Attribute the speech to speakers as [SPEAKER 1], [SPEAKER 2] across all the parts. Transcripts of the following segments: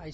[SPEAKER 1] Tun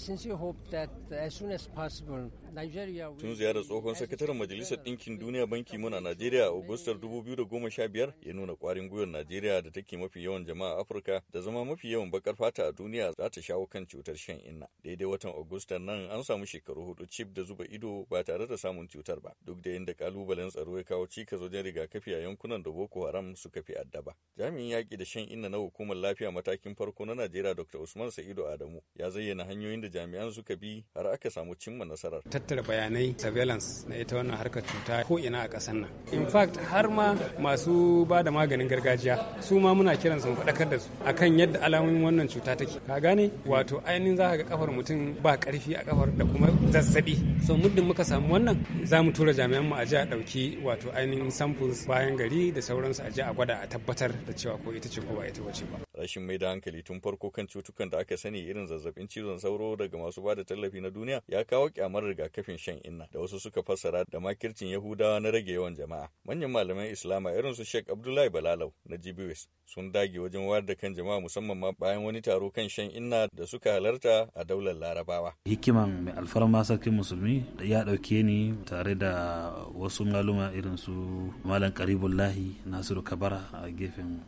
[SPEAKER 2] ziyarar tsohon sakataren Majalisar Ɗinkin Duniya Banki Muna Najeriya a Agustar 2015 ya nuna kwarin gwiwar Najeriya da take mafi yawan jama'a Afirka da zama mafi yawan bakar fata a duniya za ta shawo kan cutar shan inna. Daidai watan Agustar nan an samu shekaru hudu cif da zuba ido ba tare da samun cutar ba, duk da yadda kalubalen tsaro ya kawo cikas wajen rigakafi a yankunan da Boko Haram suka fi addaba. Jami'in yaƙi da shan inna na hukumar lafiya matakin farko na Najeriya Dr. Usman Sa'idu Adamu ya zayyana hanyoyin hanyoyin
[SPEAKER 1] da jami'an suka bi har aka samu cimma nasarar. Tattara bayanai surveillance na ita wannan harkar cuta ko ina a ƙasar nan. In fact har ma masu ba da maganin gargajiya su ma muna kiran su faɗakar da su akan yadda alamomin wannan cuta take. Ka gane wato ainihin za ka ga kafar mutum ba ƙarfi a kafar da kuma zazzabi. So muddin muka samu wannan za mu tura jami'an mu a ji a ɗauki wato ainihin samples bayan gari da sauransu a ji a gwada a tabbatar da cewa ko ita ce ko ba ita ba.
[SPEAKER 2] rashin mai da hankali tun farko kan cutukan da aka sani irin zazzabin cizon sauro daga masu bada tallafi na duniya ya kawo kyamar rigakafin shan inna da wasu suka fassara da makircin yahudawa na rage yawan jama'a manyan malaman islama irin su sheikh abdullahi balalau na gbs sun dage wajen wayar da kan jama'a musamman ma bayan wani taro kan shan inna da suka halarta a daular
[SPEAKER 3] larabawa hikiman mai alfarma sarkin musulmi ya dauke ni tare da wasu maluma irin su malam karibullahi nasiru kabara a gefen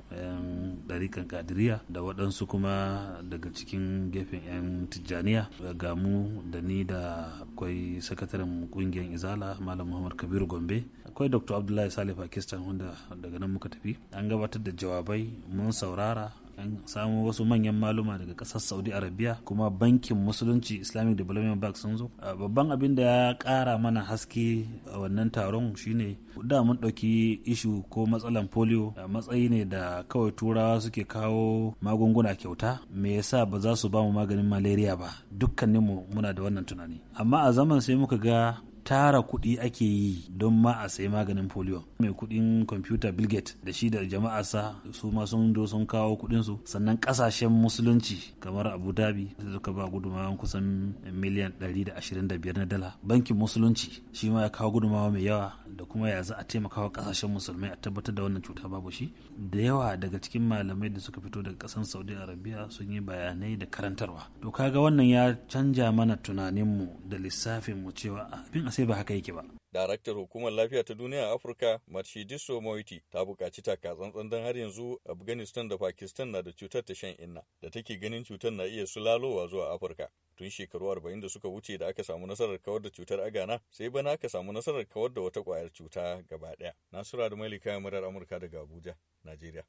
[SPEAKER 3] ɗarikan kadiri. kadiriya da waɗansu kuma daga cikin gefen 'yan tijjaniya ga mu da ni da akwai sakataren ƙungiyar izala malam muhammad kabiru gombe akwai dr abdullahi salih pakistan wanda daga nan muka tafi an gabatar da jawabai mun saurara an samu wasu manyan maluma daga kasar saudi arabia kuma bankin musulunci islamic development bank sun zo babban abin da ya kara mana haske a wannan taron shine da mun ɗauki ishu ko matsalan polio a matsayi ne da kawai turawa suke kawo magunguna kyauta me yasa ba za su ba mu maganin malaria ba dukkaninmu muna da wannan tunani amma a zaman sai muka ga tara kuɗi ake yi don ma a sayi maganin polio mai kuɗin kwamfuta bill da shi da jama'arsa su ma sun do sun kawo kuɗin su sannan ƙasashen musulunci kamar abu dhabi suka ba gudumawa kusan miliyan 125 na dala bankin musulunci shi ma ya kawo gudumawa mai yawa da kuma ya za a taimaka wa ƙasashen musulmai a tabbatar da wannan cuta babu shi da yawa daga cikin malamai da suka fito daga ƙasar saudi arabia sun yi bayanai da karantarwa to kaga wannan ya canja mana tunaninmu da lissafinmu cewa abin a sai ba haka yake ba.
[SPEAKER 2] Daraktar Hukumar Lafiya ta Duniya a Afirka, Matshidiso Moiti, ta buƙaci takatsantsan don har yanzu Afghanistan da Pakistan na da cutar ta shan inna, da take ganin cutar na iya sulalowa zuwa Afirka. Tun shekaru 40 da suka wuce da aka samu nasarar kawar da cutar agana, sai bana aka samu nasarar kawar da wata kwayar cuta gaba ɗaya. Nasura da Malika Murar Amurka daga Abuja, Najeriya.